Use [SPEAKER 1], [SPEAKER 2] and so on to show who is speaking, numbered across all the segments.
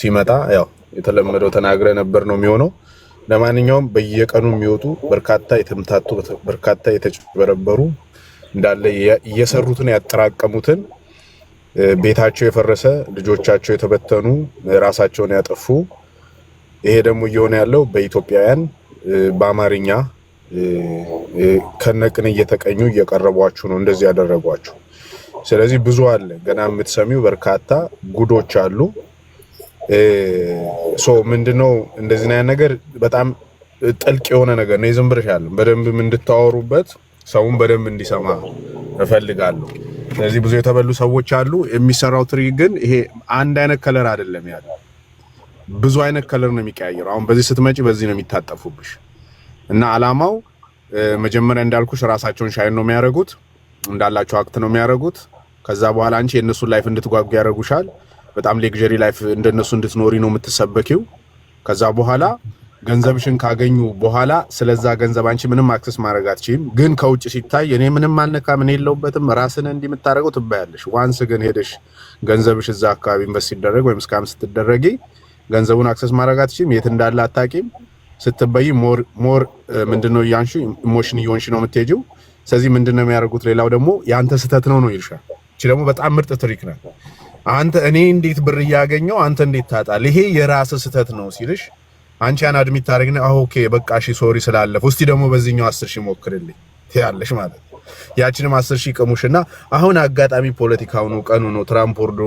[SPEAKER 1] ሲመጣ ያው የተለመደው ተናግረ ነበር ነው የሚሆነው። ለማንኛውም በየቀኑ የሚወጡ በርካታ የተምታቱ በርካታ የተጭበረበሩ እንዳለ እየሰሩትን ያጠራቀሙትን ቤታቸው የፈረሰ ልጆቻቸው የተበተኑ ራሳቸውን ያጠፉ ይሄ ደግሞ እየሆነ ያለው በኢትዮጵያውያን በአማርኛ ከነቅን እየተቀኙ እየቀረቧችሁ ነው እንደዚህ ያደረጓችሁ። ስለዚህ ብዙ አለ ገና የምትሰሚው በርካታ ጉዶች አሉ። ሶ ምንድነው እንደዚህ አይነት ነገር በጣም ጥልቅ የሆነ ነገር ነው። ዝም ብለሽ ያለው በደንብም እንድታወሩበት ሰውን በደንብ እንዲሰማ እፈልጋለሁ። ስለዚህ ብዙ የተበሉ ሰዎች አሉ። የሚሰራው ትሪ ግን ይሄ አንድ አይነት ከለር አይደለም ያለው ብዙ አይነት ከለር ነው የሚቀያየረው። አሁን በዚህ ስትመጪ በዚህ ነው የሚታጠፉብሽ እና አላማው መጀመሪያ እንዳልኩሽ ራሳቸውን ሻይን ነው የሚያደርጉት፣ እንዳላቸው አክት ነው የሚያደርጉት። ከዛ በኋላ አንቺ የእነሱን ላይፍ እንድትጓጉ ያደርጉሻል። በጣም ሌግጀሪ ላይፍ እንደነሱ እንድትኖሪ ነው የምትሰበኪው። ከዛ በኋላ ገንዘብሽን ካገኙ በኋላ ስለዛ ገንዘብ አንቺ ምንም አክሰስ ማድረግ አትችይም። ግን ከውጭ ሲታይ እኔ ምንም አልነካም ምን የለውበትም ራስን እንዲህ የምታደርገው ትባያለሽ። ዋንስ ግን ሄደሽ ገንዘብሽ እዛ አካባቢ ኢንቨስት ሲደረግ ወይም እስካም ስትደረጊ ገንዘቡን አክሰስ ማድረግ አትችይም። የት እንዳለ አታቂም። ስትበይ ሞር ሞር ምንድነው እያንሹ ኢሞሽን እየሆንሽ ነው የምትሄጂው። ስለዚህ ምንድነው የሚያደርጉት? ሌላው ደግሞ የአንተ ስህተት ነው ነው ይልሻል። እቺ ደግሞ በጣም ምርጥ ትሪክ ናት። አንተ እኔ እንዴት ብር እያገኘው አንተ እንዴት ታጣል? ይሄ የራስ ስህተት ነው ሲልሽ አንቺ ያን አድሚት ታደርግና ኦኬ በቃ እሺ ሶሪ ስላለፍ እስቲ ደግሞ በዚህኛው አስር ሺህ ሞክርልኝ ትያለሽ ማለት ነው። ያችንም አስር ሺህ ቅሙሽና አሁን አጋጣሚ ፖለቲካው ነው ቀኑ ነው ትራምፕ ወርዶ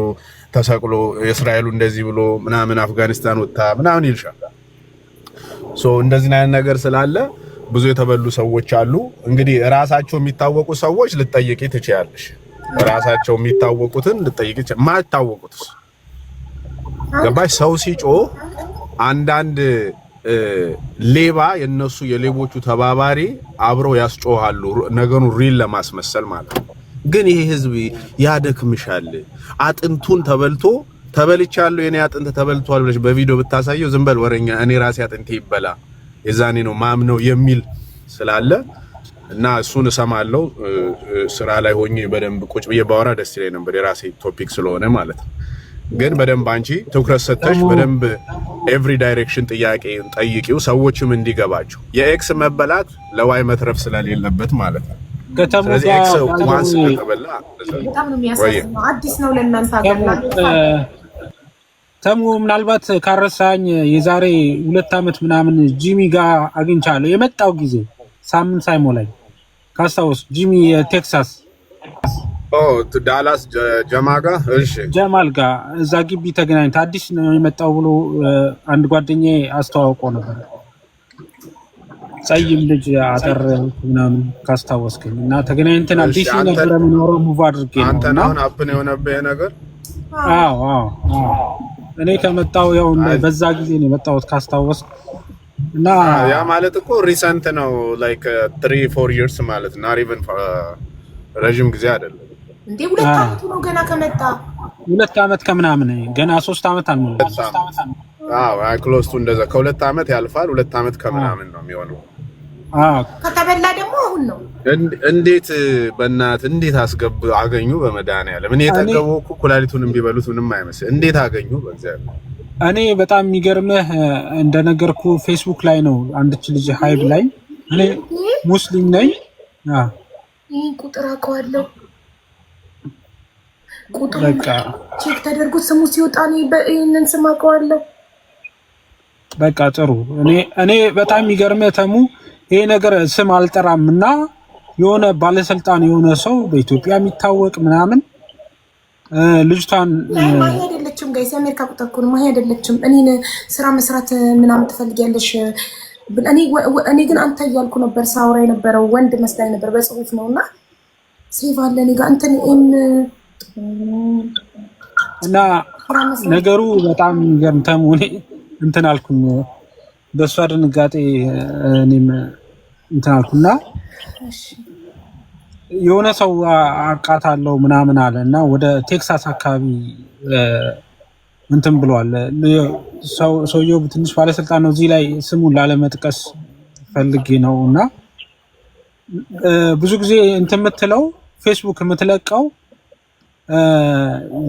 [SPEAKER 1] ተሰቅሎ እስራኤሉ እንደዚህ ብሎ ምናምን አፍጋኒስታን ወጥታ ምናምን ይልሻል። ሶ እንደዚህ አይነት ነገር ስላለ ብዙ የተበሉ ሰዎች አሉ። እንግዲህ ራሳቸው የሚታወቁ ሰዎች ልትጠየቂ ትችያለሽ። ራሳቸው የሚታወቁትን ይችላል። ማይታወቁትስ ገባሽ? ሰው ሲጮ አንዳንድ ሌባ የነሱ የሌቦቹ ተባባሪ አብረው ያስጮሃሉ፣ ነገሩ ሪል ለማስመሰል ማለት ነው። ግን ይሄ ህዝብ ያደክምሻል። አጥንቱን ተበልቶ ተበልቻለሁ የኔ አጥንት ተበልቷል ብለሽ በቪዲዮ ብታሳየው ዝም በል ወረኛ፣ እኔ ራሴ አጥንቴ ይበላ የዛኔ ነው ማምነው የሚል ስላለ እና እሱን እሰማለው ስራ ላይ ሆኜ በደንብ ቁጭ ብዬ ባወራ ደስ ይለኝ ነበር፣ የራሴ ቶፒክ ስለሆነ ማለት ነው። ግን በደንብ አንቺ ትኩረት ሰጥተሽ በደንብ ኤቭሪ ዳይሬክሽን ጥያቄ ጠይቂው፣ ሰዎችም እንዲገባቸው የኤክስ መበላት ለዋይ መትረፍ ስለሌለበት ማለት ነው።
[SPEAKER 2] ተሙ ምናልባት ካረሳኝ የዛሬ ሁለት ዓመት ምናምን ጂሚ ጋር አግኝቻለሁ። የመጣው ጊዜ ሳምንት ሳይሞላኝ ካስታውስ ጂሚ የቴክሳስ
[SPEAKER 1] ዳላስ ጀማ ጋ
[SPEAKER 2] ጀማል ጋ እዛ ግቢ ተገናኝተ አዲስ ነው የመጣው ብሎ አንድ ጓደኛ አስተዋውቆ ነበር። ጸይም ልጅ አጠር ምናምን ካስታወስክኝ እና ተገናኝተን አዲስ ነበረ የምኖረው ሙቭ አድርጌ ነገር አዎ አዎ እኔ ከመጣው ያው በዛ ጊዜ ነው የመጣሁት ካስታወስክ እና
[SPEAKER 1] ያ ማለት እኮ ሪሰንት ነው ላይክ ትሪ ፎር ይርስ ማለት ኢቨን uh, ረዥም ጊዜ አይደለም
[SPEAKER 3] እንዴ? ሁለት አመት ነው ገና ከመጣ
[SPEAKER 2] ሁለት አመት ከምናምን ገና ሶስት አመት አልሞላም።
[SPEAKER 1] አዎ አይ ቱ እንደዛ ከሁለት አመት ያልፋል። ሁለት አመት ከምናምን ነው የሚሆነው።
[SPEAKER 3] ከተበላ ደግሞ አሁን ነው።
[SPEAKER 1] እንዴት በእናት እንዴት አስገብ አገኙ። በመድኃኒዓለም እኔ የጠገቡ ኩላሊቱን ቢበሉት ምንም አይመስል እንዴት አገኙ በእግዚአብሔር
[SPEAKER 2] እኔ በጣም የሚገርምህ እንደነገርኩ ፌስቡክ ላይ ነው አንድች ልጅ ሀይብ ላይ እኔ ሙስሊም ነኝ።
[SPEAKER 3] ቁጥር አውቀዋለሁ። ቁጥሩ ቼክ ተደርጎ ስሙ ሲወጣ ይህንን ስም አውቀዋለሁ።
[SPEAKER 2] በቃ ጥሩ። እኔ በጣም የሚገርምህ ተሙ ይሄ ነገር ስም አልጠራም እና የሆነ ባለስልጣን የሆነ ሰው በኢትዮጵያ የሚታወቅ ምናምን ልጅቷን
[SPEAKER 3] አይደለችም ጋይስ። የአሜሪካ ቁጥር እኮ ነው። ማሂ አይደለችም። እኔን ስራ መስራት ምናምን ትፈልጊያለሽ። እኔ ግን አንተ እያልኩ ነበር ሳውራ የነበረው ወንድ መስላኝ ነበር። በጽሁፍ ነው እና ሴቭ አለ እኔ ጋር እንትን ኤም
[SPEAKER 2] እና ነገሩ በጣም ገምተም ሆኔ እንትን አልኩኝ። በእሷ ድንጋጤ እኔም እንትን አልኩና የሆነ ሰው አቃት አለው ምናምን አለ እና ወደ ቴክሳስ አካባቢ እንትን ብለዋል። ሰውየው ትንሽ ባለስልጣን ነው። እዚህ ላይ ስሙን ላለመጥቀስ ፈልጌ ነው እና ብዙ ጊዜ እንትን የምትለው ፌስቡክ የምትለቀው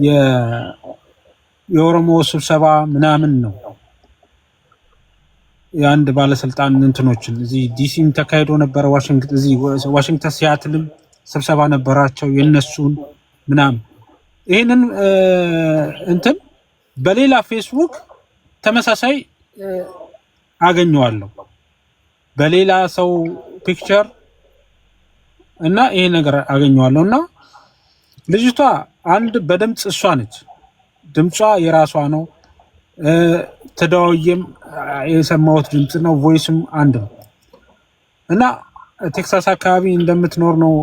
[SPEAKER 2] የኦሮሞ ስብሰባ ምናምን ነው። የአንድ ባለስልጣን እንትኖችን እዚህ ዲሲም ተካሂዶ ነበረ፣ ዋሽንግተን ሲያትልም ስብሰባ ነበራቸው የእነሱን ምናምን ይህንን እንትን በሌላ ፌስቡክ ተመሳሳይ አገኘዋለሁ በሌላ ሰው ፒክቸር እና ይሄ ነገር አገኘዋለሁ እና ልጅቷ አንድ በድምፅ እሷ ነች፣ ድምጿ የራሷ ነው። ተደዋውዬም የሰማሁት ድምፅ ነው፣ ቮይስም አንድ ነው እና ቴክሳስ አካባቢ እንደምትኖር ነው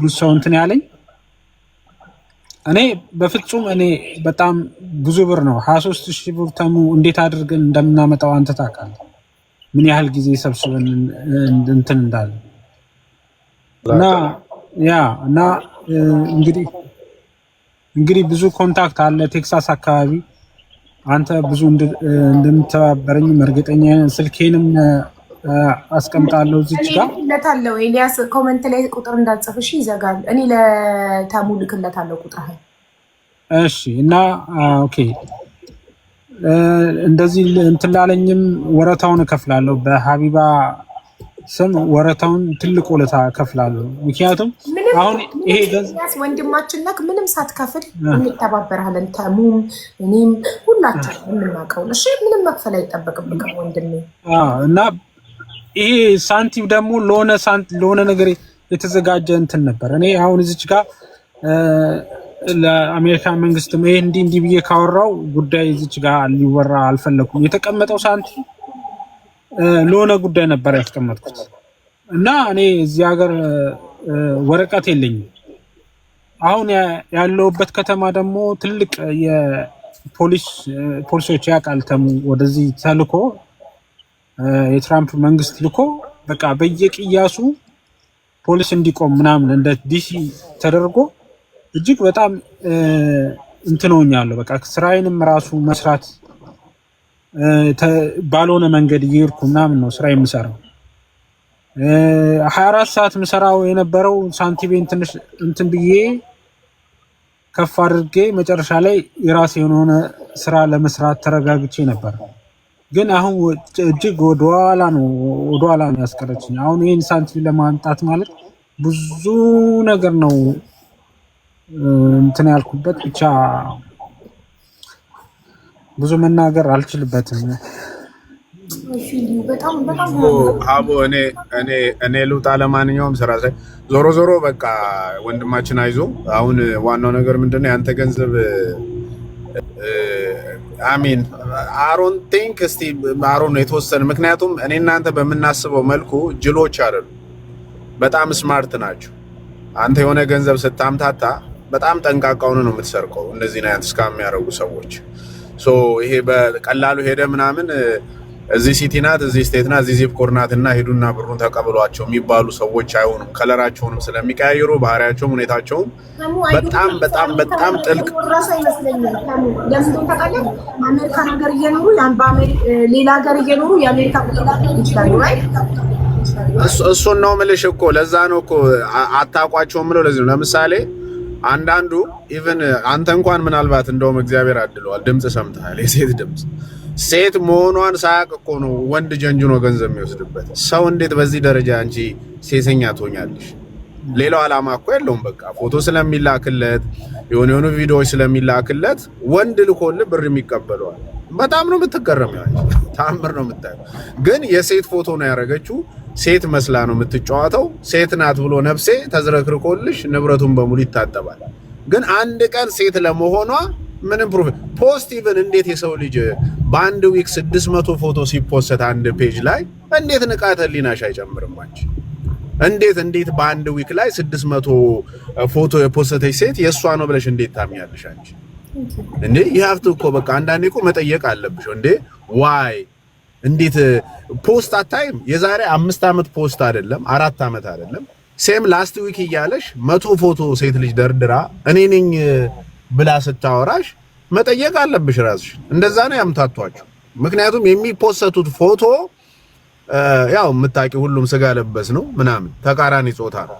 [SPEAKER 2] ብዙ ሰው እንትን ያለኝ እኔ በፍጹም እኔ በጣም ብዙ ብር ነው ሀያ ሶስት ሺህ ብር ተሙ እንዴት አድርገን እንደምናመጣው አንተ ታውቃለህ። ምን ያህል ጊዜ ሰብስበን እንትን እንዳለ እና ያ እና እንግዲህ እንግዲህ ብዙ ኮንታክት አለ ቴክሳስ አካባቢ አንተ ብዙ እንደምተባበረኝ እርግጠኛ ስልኬንም አስቀምጣለሁ እዚች ጋር
[SPEAKER 3] ልክለታለሁ። ኤልያስ ኮመንት ላይ ቁጥር እንዳትጽፍ እሺ፣ ይዘጋል። እኔ ለታሙ ልክለታለሁ ቁጥርህን።
[SPEAKER 2] እሺ። እና ኦኬ እንደዚህ እንትን ላለኝም ወረታውን እከፍላለሁ በሀቢባ ስም ወረታውን ትልቅ ወለታ እከፍላለሁ። ምክንያቱም
[SPEAKER 3] አሁን ይሄ ወንድማችን ነክ ምንም ሳትከፍል እንተባበርሃለን። ተሙም እኔም ሁላችን የምናውቀው እሺ፣ ምንም መክፈል አይጠበቅብህ ወንድሜ
[SPEAKER 2] እና ይሄ ሳንቲም ደግሞ ለሆነ ለሆነ ነገር የተዘጋጀ እንትን ነበር። እኔ አሁን እዚች ጋር ለአሜሪካ መንግስት ይሄ እንዲህ እንዲህ ብዬ ካወራው ጉዳይ እዚች ጋር ሊወራ አልፈለኩም። የተቀመጠው ሳንቲም ለሆነ ጉዳይ ነበር ያስቀመጥኩት እና እኔ እዚህ ሀገር ወረቀት የለኝም። አሁን ያለውበት ከተማ ደግሞ ትልቅ የፖሊስ ፖሊሶች ያውቃል ተሙ ወደዚህ ተልኮ የትራምፕ መንግስት ልኮ በቃ በየቅያሱ ፖሊስ እንዲቆም ምናምን እንደ ዲሲ ተደርጎ እጅግ በጣም እንትነውኛለሁ በቃ ስራዬንም ራሱ መስራት ባልሆነ መንገድ እየሄድኩ ምናምን ነው ስራ የምሰራው። ሀያ አራት ሰዓት ምሰራው የነበረው ሳንቲሜን ትንሽ እንትን ብዬ ከፍ አድርጌ መጨረሻ ላይ የራሴ የሆነ ስራ ለመስራት ተረጋግቼ ነበር። ግን አሁን እጅግ ወደኋላ ነው ወደኋላ ነው ያስቀረችኝ። አሁን ይህን ሳንቲም ለማምጣት ማለት ብዙ ነገር ነው እንትን ያልኩበት ብቻ ብዙ መናገር አልችልበትም።
[SPEAKER 1] ሀቦ እኔ እኔ እኔ ልውጣ። ለማንኛውም ስራ ሳይ ዞሮ ዞሮ በቃ ወንድማችን አይዞ። አሁን ዋናው ነገር ምንድነው ያንተ ገንዘብ አሚን አሮን ቲንክ እስቲ አሮን የተወሰነ ምክንያቱም እኔ እናንተ በምናስበው መልኩ ጅሎች አይደሉ፣ በጣም ስማርት ናቸው። አንተ የሆነ ገንዘብ ስታምታታ በጣም ጠንቃቃውን ነው የምትሰርቀው። እነዚህ አይነት እስካሚያደርጉ ሰዎች ይሄ በቀላሉ ሄደ ምናምን እዚህ ሲቲ ናት፣ እዚህ ስቴት ናት፣ እዚህ ዚፕ ኮድ ናት እና ሂዱና ብሩን ተቀብሏቸው የሚባሉ ሰዎች አይሆኑም። ከለራቸውንም ስለሚቀያየሩ ባህሪያቸውም፣ ሁኔታቸውም በጣም በጣም በጣም ጥልቅ
[SPEAKER 3] ራሳ ይመስለኛል። ለምንድን ታውቃለህ? አሜሪካን ሀገር እየኖሩ ሌላ ሀገር እየኖሩ የአሜሪካ ቁጥር ይችላሉ።
[SPEAKER 1] እሱን ነው የምልሽ እኮ ለዛ ነው እኮ አታውቋቸውም ብለው ለዚህ ነው ለምሳሌ አንዳንዱ ኢቨን uh, አንተ እንኳን ምናልባት እንደውም እግዚአብሔር አድለዋል፣ ድምፅ ሰምተሃል፣ የሴት ድምፅ ሴት መሆኗን ሳያቅ እኮ ነው ወንድ ጀንጅኖ ገንዘብ የሚወስድበት ሰው። እንዴት በዚህ ደረጃ አንቺ ሴተኛ ትሆኛለሽ? ሌላው ዓላማ እኮ የለውም። በቃ ፎቶ ስለሚላክለት የሆኑ የሆኑ ቪዲዮዎች ስለሚላክለት ወንድ ልኮል ብር የሚቀበለዋል። በጣም ነው የምትገረም፣ ታምር ነው የምታየው። ግን የሴት ፎቶ ነው ያደረገችው ሴት መስላ ነው የምትጫወተው። ሴት ናት ብሎ ነፍሴ ተዝረክርኮልሽ ንብረቱን በሙሉ ይታጠባል። ግን አንድ ቀን ሴት ለመሆኗ ምንም ፕሩፍ ፖስት ኢቭን እንዴት የሰው ልጅ በአንድ ዊክ 600 ፎቶ ሲፖስት አንድ ፔጅ ላይ እንዴት ንቃተ ሊናሽ አይጨምርም? አንቺ እንዴት እንዴት በአንድ ዊክ ላይ 600 ፎቶ የፖስተች ሴት የእሷ ነው ብለሽ እንዴት ታምኛለሽ? አንቺ እንዴ ይህ ሀብት እኮ በቃ አንዳንዴ እኮ መጠየቅ አለብሽ እንዴ ዋይ እንዴት ፖስት አታይም? የዛሬ አምስት ዓመት ፖስት አይደለም አራት ዓመት አይደለም ሴም ላስት ዊክ እያለሽ መቶ ፎቶ ሴት ልጅ ደርድራ እኔ ነኝ ብላ ስታወራሽ መጠየቅ አለብሽ ራስሽ። እንደዛ ነው ያምታቷቸው። ምክንያቱም የሚፖሰቱት ፎቶ ያው የምታውቂው ሁሉም ስጋ ለበስ ነው ምናምን ተቃራኒ ጾታ ነው።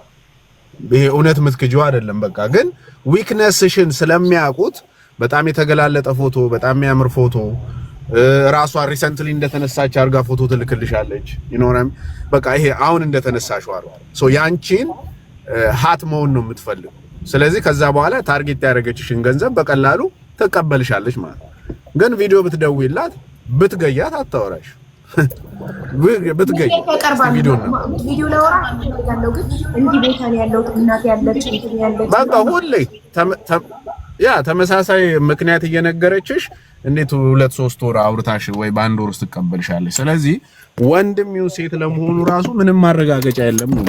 [SPEAKER 1] ይሄ እውነት ምትክጂው አይደለም። በቃ ግን ዊክነስሽን ስለሚያውቁት በጣም የተገላለጠ ፎቶ፣ በጣም የሚያምር ፎቶ ራሷ ሪሰንትሊ እንደተነሳች አርጋ ፎቶ ትልክልሻለች። ይኖረም በቃ ይሄ አሁን እንደተነሳሽ ዋሩ ሶ ያንቺን ሀት መሆን ነው የምትፈልግ። ስለዚህ ከዛ በኋላ ታርጌት ያደረገችሽን ገንዘብ በቀላሉ ትቀበልሻለች ማለት ነው። ግን ቪዲዮ ብትደውይላት ብትገያት አታወራሽ ብትገኝ ቪዲዮ ያለው ያለው ግን ያለች በቃ ሁሌ ያ ተመሳሳይ ምክንያት እየነገረችሽ እንዴት ሁለት ሶስት ወር አውርታሽ ወይ በአንድ ወር ውስጥ ትቀበልሻለሽ። ስለዚህ ወንድም ይሁን ሴት ለመሆኑ ራሱ ምንም ማረጋገጫ የለም ነው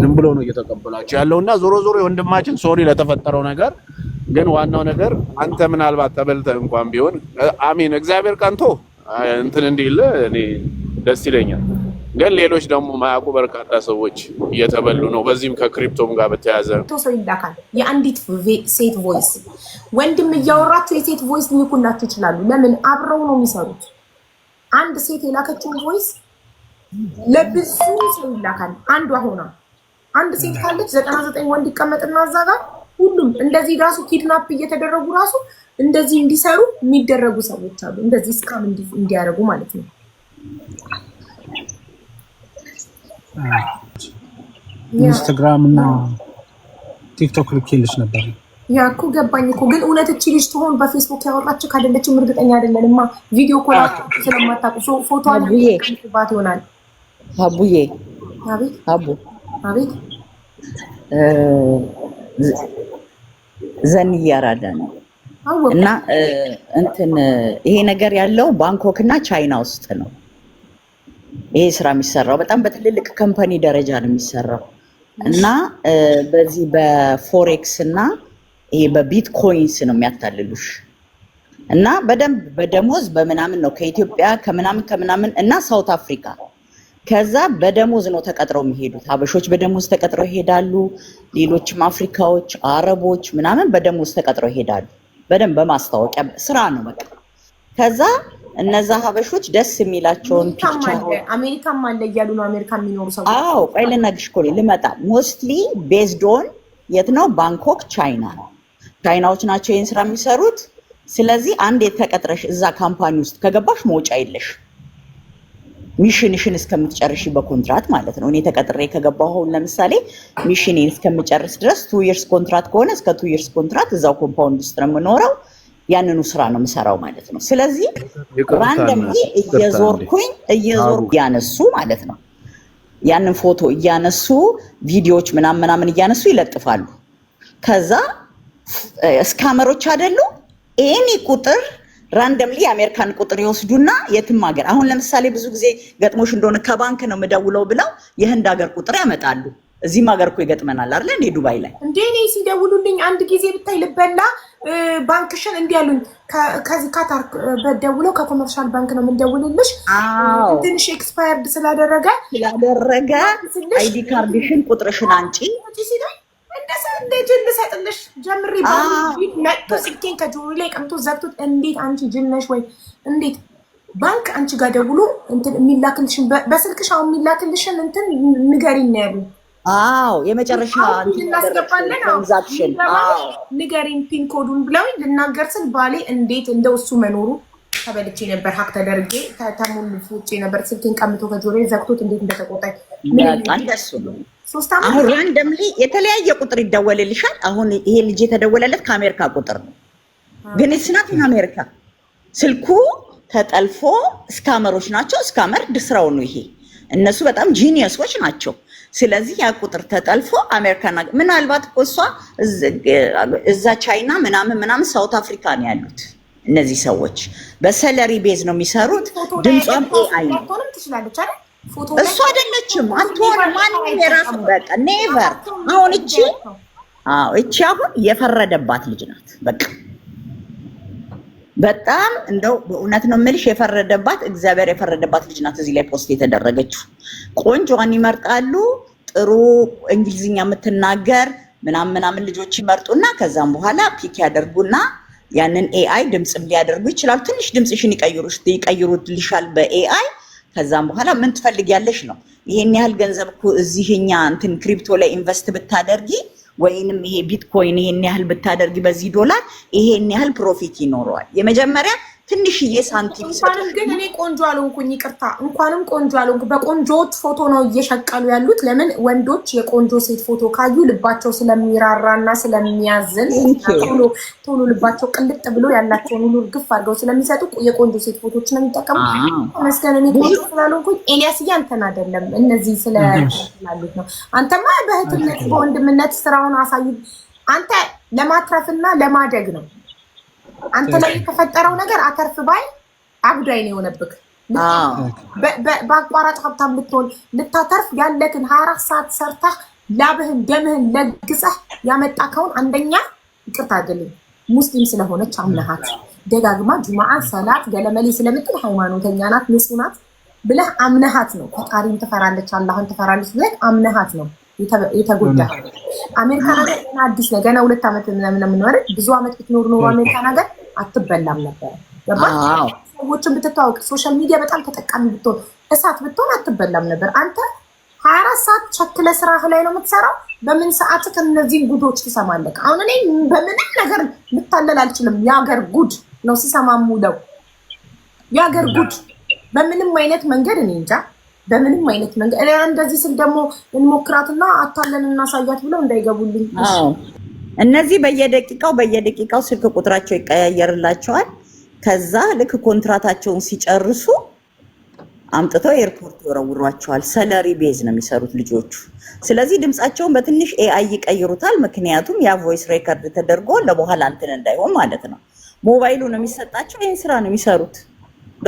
[SPEAKER 1] ዝም ብሎ ነው እየተቀበላችሁ ያለውና ዞሮ ዞሮ የወንድማችን ሶሪ ለተፈጠረው ነገር ግን ዋናው ነገር አንተ ምናልባት ተበልተ እንኳን ቢሆን አሜን እግዚአብሔር ቀንቶ እንትን እንዲል እኔ ደስ ይለኛል። ግን ሌሎች ደግሞ ማያውቁ በርካታ ሰዎች እየተበሉ ነው። በዚህም ከክሪፕቶም ጋር በተያዘ ነው።
[SPEAKER 3] ሰው ይላካል። የአንዲት ሴት ቮይስ ወንድም እያወራችሁ የሴት ቮይስ ሊልኩላችሁ ይችላሉ። ለምን አብረው ነው የሚሰሩት። አንድ ሴት የላከችውን ቮይስ ለብዙ ሰው ይላካል። አንዷ ሆና አንድ ሴት ካለች ዘጠና ዘጠኝ ወንድ ይቀመጥና እዛ ጋር ሁሉም እንደዚህ ራሱ ኪድናፕ እየተደረጉ ራሱ እንደዚህ እንዲሰሩ የሚደረጉ ሰዎች አሉ። እንደዚህ እስካም እንዲያደርጉ ማለት ነው።
[SPEAKER 2] ኢንስታግራም እና ቲክቶክ ልኬልሽ ነበር።
[SPEAKER 3] ያ እኮ ገባኝ እኮ ግን እውነት እቺ ልጅ ትሆን በፌስቡክ ያወራችሁ ካደለችም እርግጠኛ አይደለንማ። ቪዲዮ ኮላ ስለማታውቁ ፎቶ ባት ይሆናል። አቡዬ አቤት፣
[SPEAKER 4] አቡ ዘን ዘንዬ ነው እና እንትን ይሄ ነገር ያለው ባንኮክ እና ቻይና ውስጥ ነው። ይሄ ስራ የሚሰራው በጣም በትልልቅ ከምፓኒ ደረጃ ነው የሚሰራው እና በዚህ በፎሬክስ እና ይሄ በቢትኮይንስ ነው የሚያታልሉሽ እና በደንብ በደሞዝ በምናምን ነው ከኢትዮጵያ ከምናምን ከምናምን እና ሳውት አፍሪካ ከዛ በደሞዝ ነው ተቀጥረው የሚሄዱት። ሀበሾች በደሞዝ ተቀጥረው ይሄዳሉ። ሌሎችም አፍሪካዎች፣ አረቦች ምናምን በደሞዝ ተቀጥረው ይሄዳሉ። በደንብ በማስታወቂያ ስራ ነው በቃ ከዛ እነዛ ሀበሾች ደስ የሚላቸውን ፒክቸር
[SPEAKER 3] አሜሪካም አለ እያሉ ነው። አሜሪካ የሚኖሩ
[SPEAKER 4] አዎ፣ ቆይ ልነግርሽ እኮ ልመጣ። ሞስትሊ ቤዝድ ኦን የት ነው? ባንኮክ ቻይና ነው። ቻይናዎች ናቸው ይህን ስራ የሚሰሩት። ስለዚህ አንድ የተቀጥረሽ እዛ ካምፓኒ ውስጥ ከገባሽ መውጫ የለሽ ሚሽንሽን እስከምትጨርሽ በኮንትራት ማለት ነው። እኔ ተቀጥሬ ከገባሁ አሁን ለምሳሌ ሚሽኔን እስከምጨርስ ድረስ ቱ ይርስ ኮንትራት ከሆነ እስከ ቱ ይርስ ኮንትራት እዛው ኮምፓውንድ ውስጥ ነው የምኖረው። ያንኑ ስራ ነው የምሰራው ማለት ነው። ስለዚህ ራንደም እየዞርኩኝ እየዞር እያነሱ ማለት ነው ያንን ፎቶ እያነሱ ቪዲዮዎች ምናምን ምናምን እያነሱ ይለጥፋሉ። ከዛ እስካመሮች አይደሉ ኤኒ ቁጥር ራንደምሊ የአሜሪካን ቁጥር ይወስዱና የትም ሀገር አሁን ለምሳሌ ብዙ ጊዜ ገጥሞሽ እንደሆነ ከባንክ ነው የምደውለው ብለው የህንድ ሀገር ቁጥር ያመጣሉ። እዚህም ሀገር እኮ ይገጥመናል አለ እንዴ? ዱባይ ላይ
[SPEAKER 3] እንዴ እኔ ሲደውሉልኝ አንድ ጊዜ ብታይ ልበላ ባንክሽን እንዲ ያሉኝ ከዚህ ካታር በደውለው ከኮመርሻል ባንክ ነው የምንደውልልሽ፣ ትንሽ ኤክስፓየርድ ስላደረገ
[SPEAKER 4] ስላደረገ አይዲ ካርድሽን ቁጥርሽን አንጪ
[SPEAKER 3] እንዴት ልሰጥልሽ ጀምሪ መጥቶ ስልኬን ከጆሮ ላይ ቀምቶ ዘግቶት፣ እንዴት አንቺ ጅል ወይ እንዴት ባንክ አንቺ ጋር ደውሎ እንትን የሚላክልሽን በስልክሽ አሁን የሚላክልሽን እንትን ንገሪኝ ነው ያሉኝ።
[SPEAKER 4] አዎ የመጨረሻ
[SPEAKER 3] እናስገባለን። ትራንዛክሽን ንገሪን ፒን ኮዱን ብለው ልናገር ስል ባሌ እንዴት እንደው እሱ መኖሩ ተበልቼ ነበር። ሀክ ተደርጌ ተሙን ውጭ ነበር። ስልኬን ቀምቶ ከጆሮ ዘግቶት እንዴት እንደተቆጣኝ
[SPEAKER 4] አሁን ራንደምሊ የተለያየ ቁጥር ይደወልልሻል። አሁን ይሄ ልጅ የተደወለለት ከአሜሪካ ቁጥር ነው፣ ግን ስናት አሜሪካ ስልኩ ተጠልፎ እስካመሮች ናቸው። እስካመር ድስራው ነው ይሄ። እነሱ በጣም ጂኒየሶች ናቸው። ስለዚህ ያ ቁጥር ተጠልፎ አሜሪካን ምናልባት እኮ እሷ እዛ ቻይና ምናምን ምናምን ሳውት አፍሪካ ነው ያሉት እነዚህ ሰዎች በሰለሪ ቤዝ ነው የሚሰሩት። ድምጿም ኤአይ ነው። እሱ አይደለችም አትሆን ማንም የራሱ በቃ ኔቨር። አሁን እቺ እቺ አሁን የፈረደባት ልጅ ናት በቃ በጣም እንደው በእውነት ነው የምልሽ፣ የፈረደባት እግዚአብሔር የፈረደባት ልጅ ናት። እዚህ ላይ ፖስት የተደረገችው ቆንጆዋን ይመርጣሉ። ጥሩ እንግሊዝኛ የምትናገር ምናምን ምናምን ልጆች ይመርጡና ከዛም በኋላ ፒክ ያደርጉና ያንን ኤአይ ድምፅም ሊያደርጉ ይችላሉ። ትንሽ ድምፅሽን ይቀይሩልሻል በኤአይ። ከዛም በኋላ ምን ትፈልጊያለሽ ነው። ይሄን ያህል ገንዘብ እዚህ እንትን ክሪፕቶ ላይ ኢንቨስት ብታደርጊ ወይንም ይሄ ቢትኮይን ይሄን ያህል ብታደርግ በዚህ ዶላር ይሄን ያህል ፕሮፊት ይኖረዋል። የመጀመሪያ ትንሽዬ ሳንቲም
[SPEAKER 3] እንኳንም ግን እኔ ቆንጆ አልሆንኩኝ፣ ይቅርታ እንኳንም ቆንጆ አልሆንኩ። በቆንጆዎች ፎቶ ነው እየሸቀሉ ያሉት። ለምን ወንዶች የቆንጆ ሴት ፎቶ ካዩ ልባቸው ስለሚራራና ስለሚያዝን ቶሎ ቶሎ ልባቸው ቅልጥ ብሎ ያላቸውን ሁሉ ግፍ አድርገው ስለሚሰጡ የቆንጆ ሴት ፎቶች ነው የሚጠቀሙ። መስገን እኔ ቆንጆ ስላልሆንኩኝ ኤልያስ እያንተን አይደለም እነዚህ ስለላሉት ነው። አንተማ በእህትነት በወንድምነት ስራውን አሳዩ። አንተ ለማትረፍና ለማደግ ነው አንተ ላይ የተፈጠረው ነገር አተርፍ ባይ አብዳይ ነው የሆነብክ። በአቋራጭ ሀብታም ልትሆን ልታተርፍ ያለትን ሀያ አራት ሰዓት ሰርታ ላብህን ደምህን ለግሰህ ያመጣከውን አንደኛ ይቅርታ አይደለም ሙስሊም ስለሆነች አምነሃት ደጋግማ ጁማዓ ሰላት ገለመሌ ስለምትል ሃይማኖተኛ ናት ሙስሊም ናት ብለህ አምነሃት ነው። ፈጣሪም ትፈራለች አላህን ትፈራለች ብለህ አምነሃት ነው የተጎዳ አሜሪካ ሀገር አዲስ ነው። ገና ሁለት ዓመት ምናምን የምንወረ ብዙ ዓመት ብትኖር ኖሮ አሜሪካ ሀገር አትበላም ነበር ገባህ? ሰዎችን ብትታወቅ፣ ሶሻል ሚዲያ በጣም ተጠቃሚ ብትሆን፣ እሳት ብትሆን አትበላም ነበር። አንተ ሀያ አራት ሰዓት ቸክለ ስራህ ላይ ነው የምትሰራው። በምን ሰዓት እነዚህን ጉዶች ትሰማለህ? አሁን እኔ በምንም ነገር ልታለል አልችልም። የሀገር ጉድ ነው ስሰማ የምውለው የሀገር ጉድ በምንም አይነት መንገድ እኔ እንጃ በምንም አይነት መንገድ እኔ እንደዚህ ስል ደግሞ እንሞክራትና አታለን እናሳያት ብለው እንዳይገቡልኝ።
[SPEAKER 4] እነዚህ በየደቂቃው በየደቂቃው ስልክ ቁጥራቸው ይቀያየርላቸዋል። ከዛ ልክ ኮንትራታቸውን ሲጨርሱ አምጥተው ኤርፖርት ይወረውሯቸዋል። ሰለሪ ቤዝ ነው የሚሰሩት ልጆቹ። ስለዚህ ድምፃቸውን በትንሽ ኤአይ ይቀይሩታል። ምክንያቱም ያ ቮይስ ሬከርድ ተደርጎ ለበኋላ እንትን እንዳይሆን ማለት ነው። ሞባይሉ ነው የሚሰጣቸው። ይህን ስራ ነው የሚሰሩት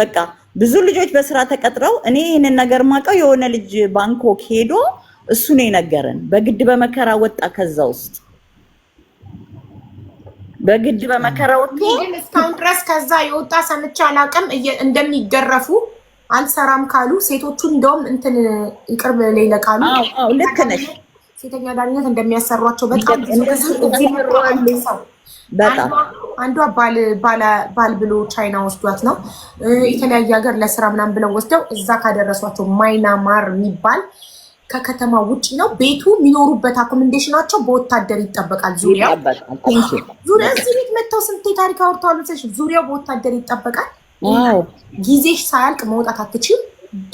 [SPEAKER 4] በቃ ብዙ ልጆች በስራ ተቀጥረው እኔ ይህንን ነገር ማውቀው የሆነ ልጅ ባንኮክ ሄዶ እሱ ነው የነገረን። በግድ በመከራ ወጣ ከዛ ውስጥ በግድ በመከራ ወጥቶ
[SPEAKER 3] እስካሁን ድረስ ከዛ የወጣ ሰምቼ አላውቅም። እንደሚገረፉ አልሰራም ካሉ ሴቶቹ እንደውም እንትን ይቅርብ ሌለ ቃሉ ልክ ነሽ ሴተኛ ዳኝነት እንደሚያሰሯቸው በጣም ሰው አንዷ ባል ብሎ ቻይና ወስዷት ነው የተለያየ ሀገር ለስራ ምናምን ብለው ወስደው እዛ ካደረሷቸው ማይናማር የሚባል ከከተማ ውጭ ነው ቤቱ። የሚኖሩበት አኮመንዴሽናቸው በወታደር ይጠበቃል። ዙሪያው ዙሪያ እዚህ ቤት መጥተው ስንት ታሪክ አውርተዋል መሰለሽ። ዙሪያው በወታደር ይጠበቃል። ጊዜሽ ሳያልቅ መውጣት አትችል።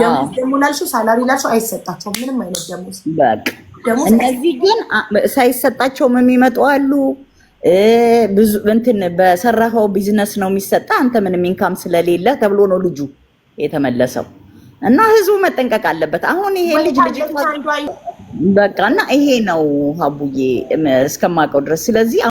[SPEAKER 3] ደሞዝ ደግሞ ላልሽው ሳላሪ ላልሽው አይሰጣቸው ምንም አይነት ደሞዝ።
[SPEAKER 4] እነዚህ ግን ሳይሰጣቸውም የሚመጡ አሉ። ብዙ እንትን በሰራኸው ቢዝነስ ነው የሚሰጠ አንተ ምንም ኢንካም ስለሌለ ተብሎ ነው ልጁ የተመለሰው። እና ህዝቡ መጠንቀቅ አለበት። አሁን ይሄ ልጅ ልጅ በቃ እና ይሄ ነው ሀቡዬ እስከማውቀው ድረስ ስለዚህ